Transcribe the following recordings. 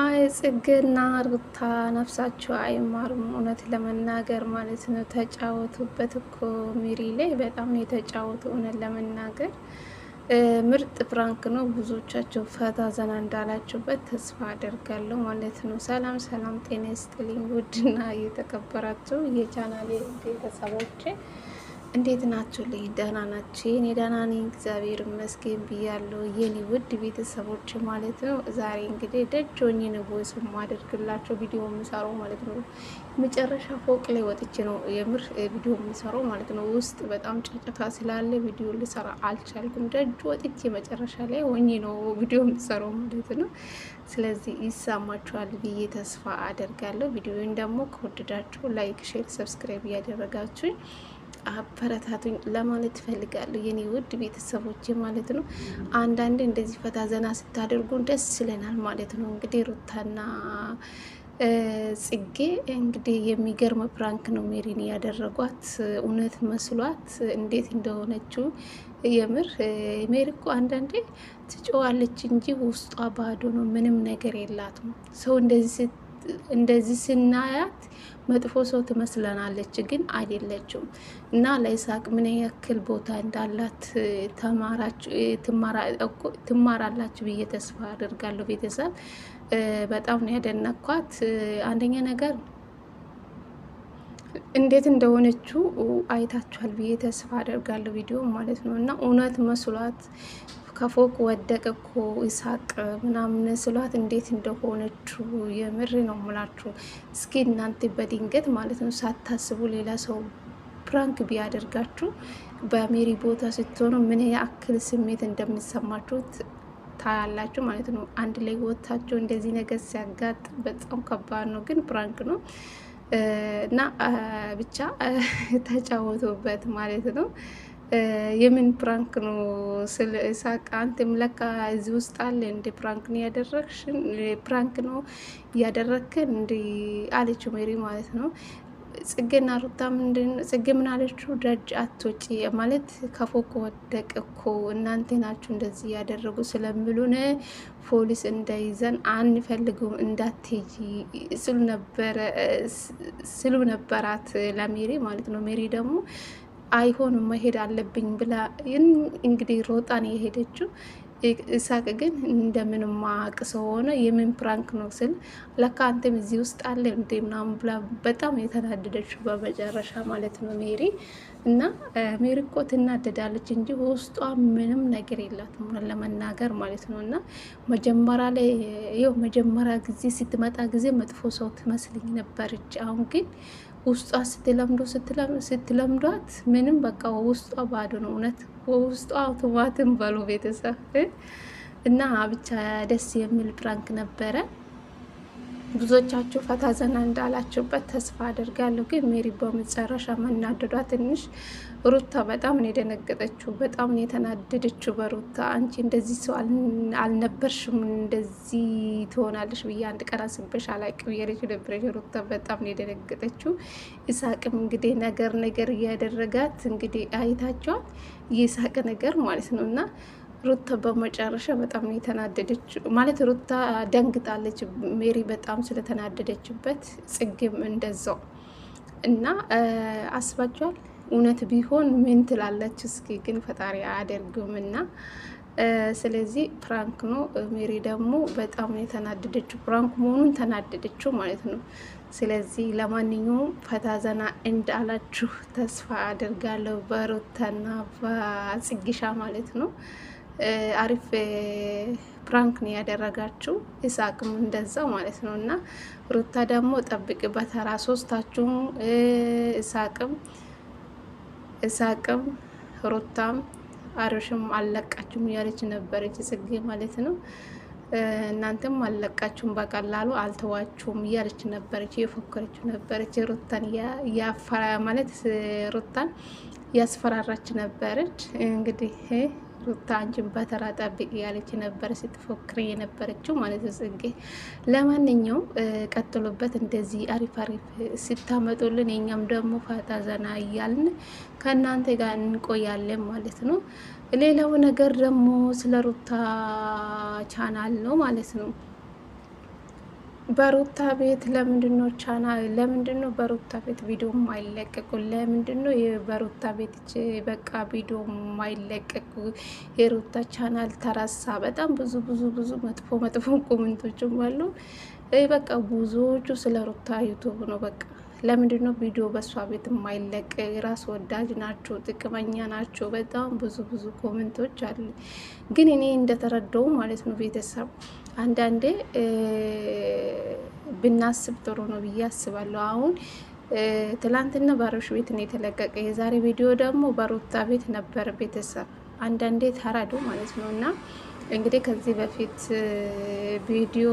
አይ ጽግና ሩታ ነፍሳቸው አይማርም። እውነት ለመናገር ማለት ነው ተጫወቱበት እኮ ሚሪ ላይ በጣም ነው የተጫወቱ። እውነት ለመናገር ምርጥ ፍራንክ ነው። ብዙዎቻቸው ፈታ ዘና እንዳላችሁበት ተስፋ አደርጋለሁ ማለት ነው። ሰላም ሰላም፣ ጤና ይስጥልኝ ውድና እየተከበራቸው የቻናሌ ቤተሰቦቼ እንዴት ናችሁልኝ? ደህና ናችሁ? እኔ ደህና ነኝ እግዚአብሔር ይመስገን ብያለሁ፣ የኔ ውድ ቤተሰቦች ማለት ነው። ዛሬ እንግዲህ ደጅ ሆኜ ነው ቮይስ የማደርግላቸው ቪዲዮ የምሰራው ማለት ነው። መጨረሻ ፎቅ ላይ ወጥቼ ነው የምር ቪዲዮ የምሰራው ማለት ነው። ውስጥ በጣም ጫጫታ ስላለ ቪዲዮ ልሰራ አልቻልኩም። ደጅ ወጥቼ መጨረሻ ላይ ሆኜ ነው ቪዲዮ የምሰራው ማለት ነው። ስለዚህ ይሰማችኋል ብዬ ተስፋ አደርጋለሁ። ቪዲዮውን ደግሞ ከወደዳችሁ ላይክ፣ ሼር፣ ሰብስክራይብ እያደረጋችሁኝ አበረታቱኝ ለማለት ትፈልጋለሁ የኔ ውድ ቤተሰቦች ማለት ነው። አንዳንድ እንደዚህ ፈታ ዘና ስታደርጉ ደስ ይለናል ማለት ነው። እንግዲህ ሩታና ጽጌ እንግዲህ የሚገርም ፕራንክ ነው ሜሪን ያደረጓት። እውነት መስሏት እንዴት እንደሆነችው የምር ሜሪ እኮ አንዳንዴ ትጮዋለች እንጂ ውስጧ ባዶ ነው፣ ምንም ነገር የላትም። ሰው እንደዚህ እንደዚህ ስናያት መጥፎ ሰው ትመስለናለች፣ ግን አይደለችም። እና ለይስሐቅ ምን ያክል ቦታ እንዳላት ትማራላችሁ ብዬ ተስፋ አድርጋለሁ። ቤተሰብ በጣም ነው ያደነኳት። አንደኛ ነገር እንዴት እንደሆነችው አይታችኋል ብዬ ተስፋ አደርጋለሁ፣ ቪዲዮ ማለት ነው እና እውነት መስሏት ከፎቅ ወደቅ እኮ ይሳቅ ምናምን ስሏት እንዴት እንደሆነችው የምር ነው ምላችሁ። እስኪ እናንተ በድንገት ማለት ነው ሳታስቡ ሌላ ሰው ፕራንክ ቢያደርጋችሁ በሜሪ ቦታ ስትሆኑ ምን ያክል ስሜት እንደሚሰማችሁ ታያላችሁ ማለት ነው። አንድ ላይ ወታቸው እንደዚህ ነገር ሲያጋጥ በጣም ከባድ ነው፣ ግን ፕራንክ ነው እና ብቻ ተጫወቱበት ማለት ነው። የምን ፕራንክ ነው ስለ ኢሳቅ አንተም ለካ እዚህ ውስጥ አለ እንደ ፕራንክ ነው ያደረግሽን ፕራንክ ነው እያደረግከን እንደ አለችው ሜሪ ማለት ነው። ጽጌና ሩታ ምንድን ጽጌ ምን አለችው? ደጅ አትወጪ ማለት ከፎቅ ወደቅ እኮ እናንተ ናችሁ እንደዚህ እያደረጉ ስለሚሉን ፖሊስ እንዳይዘን አንፈልግም እንዳትይ ስሉ ነበረ ስሉ ነበራት ለሜሪ ማለት ነው። ሜሪ ደግሞ አይሆንም መሄድ አለብኝ ብላ እንግዲህ ሮጣን የሄደችው። ኢሳቅ ግን እንደምንም ማቅ ስለሆነ የምን ፕራንክ ነው ስል ለካ አንተም እዚህ ውስጥ አለ እንዴ ምናምን ብላ በጣም የተናደደችው በመጨረሻ ማለት ነው ሜሪ እና ሜሪ እኮ ትናደዳለች እንጂ ውስጧ ምንም ነገር የላትም ለመናገር ማለት ነው። እና መጀመሪያ ላይ ይኸው መጀመሪያ ጊዜ ስትመጣ ጊዜ መጥፎ ሰው ትመስልኝ ነበረች። አሁን ግን ውስጧ ስትለምዶ ስትለምዷት ምንም በቃ ውስጧ ባዶ ነው። እውነት ውስጧ አውቶማትን በሉ ቤተሰብ እና ብቻ ደስ የሚል ፕራንክ ነበረ። ብዙዎቻችሁ ፈታ ዘና እንዳላችሁበት ተስፋ አድርጋለሁ። ግን ሜሪ በመጨረሻ መናደዷ ትንሽ ሩታ በጣም ነው የደነገጠችው፣ በጣም ነው የተናደደችው በሩታ። አንቺ እንደዚህ ሰው አልነበርሽም፣ እንደዚህ ትሆናለሽ ብዬ አንድ ቀን አስበሽ አላቅም እያለች ነበረች ሩታ። በጣም ነው የደነገጠችው። ይሳቅም እንግዲህ ነገር ነገር እያደረጋት እንግዲህ አይታችኋል፣ የሳቅ ነገር ማለት ነው እና ሩታ በመጨረሻ በጣም የተናደደች ማለት ሩታ ደንግጣለች፣ ሜሪ በጣም ስለተናደደችበት ጽጌም እንደዛው እና አስባችኋል። እውነት ቢሆን ምን ትላለች? እስኪ ግን ፈጣሪ አያደርግም እና ስለዚህ ፕራንክ ነው። ሜሪ ደግሞ በጣም የተናደደችው ፕራንክ መሆኑን ተናደደችው ማለት ነው። ስለዚህ ለማንኛውም ፈታዘና እንዳላችሁ ተስፋ አድርጋለሁ በሩታና በጽጌሻ ማለት ነው። አሪፍ ፕራንክ ነው ያደረጋችሁ። ይሳቅም እንደዛው ማለት ነው እና ሩታ ደግሞ ጠብቅ በተራ ሶስታችሁም ይሳቅም ይሳቅም ሩታም አሪሽም አለቃችሁም እያለች ነበረች ጽጌ ማለት ነው። እናንተም አለቃችሁም በቀላሉ አልተዋችሁም እያለች ነበረች፣ እየፎከረች ነበረች። ሩታን ያፈራ ማለት ሩታን ያስፈራራች ነበረች እንግዲህ ሩታ አንቺን በተራ ጠብቅ እያለች ነበር ስትፎክር የነበረችው ማለት ጽጌ። ለማንኛውም ቀጥሎበት እንደዚህ አሪፍ አሪፍ ስታመጡልን የኛም ደግሞ ፋታ ዘና እያልን ከእናንተ ጋር እንቆያለን ማለት ነው። ሌላው ነገር ደግሞ ስለ ሩታ ቻናል ነው ማለት ነው። በሩታ ቤት ለምንድን ነው ቻና ለምንድን ነው በሩታ ቤት ቪዲዮ ማይለቀቁ? ለምንድን ነው በሩታ ቤት በቃ ቪዲዮ ማይለቀቁ? የሩታ ቻናል ተረሳ። በጣም ብዙ ብዙ ብዙ መጥፎ መጥፎ ኮሜንቶችም አሉ። በቃ ብዙዎቹ ስለ ሩታ ዩቱብ ነው በቃ ለምንድን ነው ቪዲዮ በእሷ ቤት የማይለቅ? ራስ ወዳጅ ናቸው፣ ጥቅመኛ ናቸው። በጣም ብዙ ብዙ ኮሜንቶች አሉ። ግን እኔ እንደተረዳው ማለት ነው ቤተሰብ አንዳንዴ ብናስብ ጥሩ ነው ብዬ አስባለሁ። አሁን ትላንትና ባሮሽ ቤት ነው የተለቀቀ። የዛሬ ቪዲዮ ደግሞ በሩታ ቤት ነበር። ቤተሰብ አንዳንዴ ተራዶ ማለት ነው እና እንግዲህ ከዚህ በፊት ቪዲዮ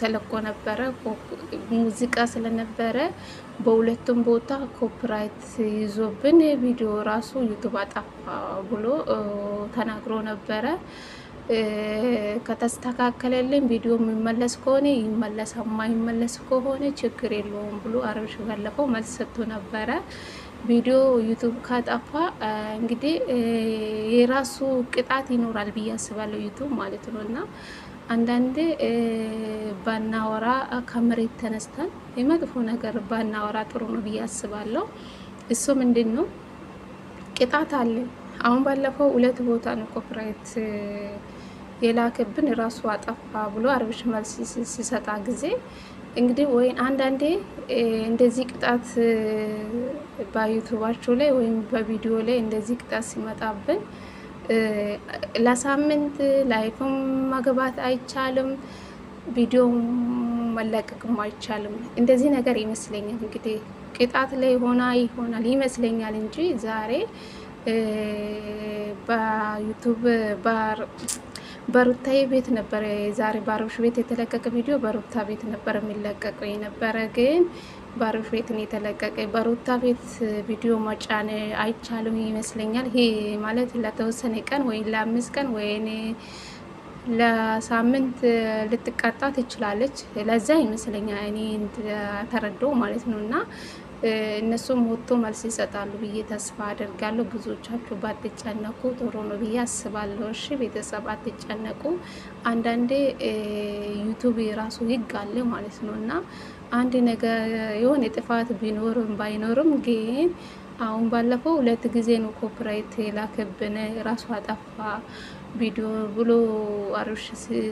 ተለቆ ነበረ። ሙዚቃ ስለነበረ በሁለቱም ቦታ ኮፒራይት ይዞብን ቪዲዮ ራሱ ዩቱብ አጠፋ ብሎ ተናግሮ ነበረ። ከተስተካከለልን ቪዲዮ የሚመለስ ከሆነ ይመለስ፣ የማይመለስ ከሆነ ችግር የለውም ብሎ አብርሽ ባለፈው መልስ ሰጥቶ ነበረ። ቪዲዮ ዩቱብ ካጠፋ እንግዲህ የራሱ ቅጣት ይኖራል ብዬ አስባለሁ፣ ዩቱብ ማለት ነው። እና አንዳንዴ ባናወራ ከመሬት ተነስተን የመጥፎ ነገር ባናወራ ጥሩ ነው ብዬ አስባለሁ። እሱ ምንድን ነው ቅጣት አለ። አሁን ባለፈው ሁለት ቦታ ነው ኮፕራይት የላክብን ራሱ አጠፋ ብሎ አብርሽ መልስ ሲሰጣ ጊዜ እንግዲህ ወይ አንዳንዴ እንደዚህ ቅጣት በዩቱባቸው ላይ ወይም በቪዲዮ ላይ እንደዚህ ቅጣት ሲመጣብን ለሳምንት ላይፍም መግባት አይቻልም፣ ቪዲዮ መለቀቅም አይቻልም። እንደዚህ ነገር ይመስለኛል እንግዲህ ቅጣት ላይ ሆና ይሆናል ይመስለኛል እንጂ ዛሬ በዩቱብ በሩታዬ ቤት ነበረ የዛሬ ባሮሽ ቤት የተለቀቀ ቪዲዮ በሩታ ቤት ነበር የሚለቀቀው የነበረ ግን ባሮሽ ቤት ነው የተለቀቀ። በሩታ ቤት ቪዲዮ መጫን አይቻልም ይመስለኛል። ይሄ ማለት ለተወሰነ ቀን ወይ ለአምስት ቀን ወይ ለሳምንት ልትቀጣ ትችላለች። ለዛ ይመስለኛል እኔ ተረዶ ማለት ነው እና እነሱም ወጥቶ መልስ ይሰጣሉ ብዬ ተስፋ አደርጋለሁ። ብዙዎቻችሁ ባትጨነቁ ጥሩ ነው ብዬ አስባለሁ። እሺ ቤተሰብ አትጨነቁ። አንዳንዴ ዩቱብ የራሱ ህግ አለ ማለት ነው እና አንድ ነገር የሆነ ጥፋት ቢኖርም ባይኖርም ግን አሁን ባለፈው ሁለት ጊዜ ነው ኮፒራይት የላከብን ራሱ አጠፋ ቪዲዮ ብሎ አብርሽ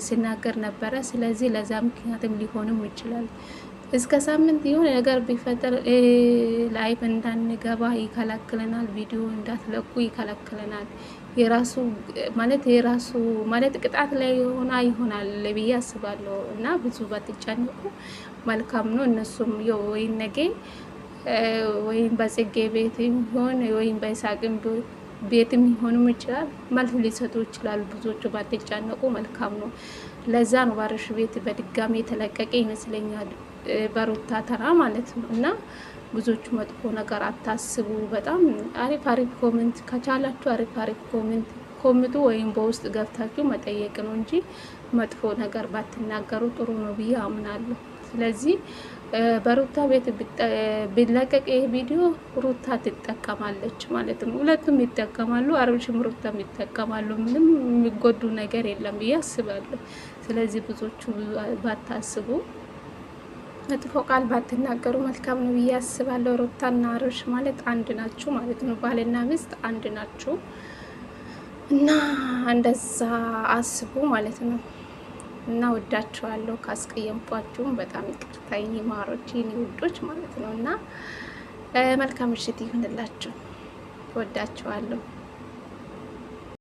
ሲናገር ነበረ። ስለዚህ ለዛ ምክንያትም ሊሆንም ይችላል። እስከ ሳምንት የሆነ ነገር ቢፈጠር ላይፍ እንዳንገባ ይከለክለናል። ቪዲዮ እንዳትለቁ ይከለክለናል። የራሱ ማለት የራሱ ማለት ቅጣት ላይ የሆና ይሆናል ብዬ አስባለሁ እና ብዙ ባትጨንቁ መልካም ነው። እነሱም ወይ ነገ ወይም በጽጌ ቤት ሆን ወይም በይሳቅም ቤትም ሊሆንም ይችላል መልስ ሊሰጡ ይችላሉ። ብዙዎቹ ባትጨነቁ መልካም ነው። ለዛ ነው ባረሽ ቤት በድጋሚ የተለቀቀ ይመስለኛል። በሩታ ተራ ማለት ነው እና ብዙዎቹ መጥፎ ነገር አታስቡ። በጣም አሪፍ አሪፍ ኮሜንት ከቻላችሁ አሪፍ አሪፍ ኮሜንት ኮምቱ ወይም በውስጥ ገብታችሁ መጠየቅ ነው እንጂ መጥፎ ነገር ባትናገሩ ጥሩ ነው ብዬ አምናለሁ። ስለዚህ በሩታ ቤት ቢለቀቅ ይህ ቪዲዮ ሩታ ትጠቀማለች ማለት ነው። ሁለቱም ይጠቀማሉ፣ አብርሽም ሩታም ይጠቀማሉ። ምንም የሚጎዱ ነገር የለም ብዬ አስባለሁ። ስለዚህ ብዙዎቹ ባታስቡ መጥፎ ቃል ባትናገሩ መልካም ነው ብዬ አስባለሁ። ሩታና አብርሽ ማለት አንድ ናችሁ ማለት ነው። ባልና ሚስት አንድ ናችሁ እና እንደዛ አስቡ ማለት ነው። እና ወዳችኋለሁ። ካስቀየምኳችሁም በጣም ይቅርታ የኔ ማሮች፣ የኔ ውዶች ማለት ነው። እና መልካም ምሽት ይሁንላችሁ። ወዳችኋለሁ።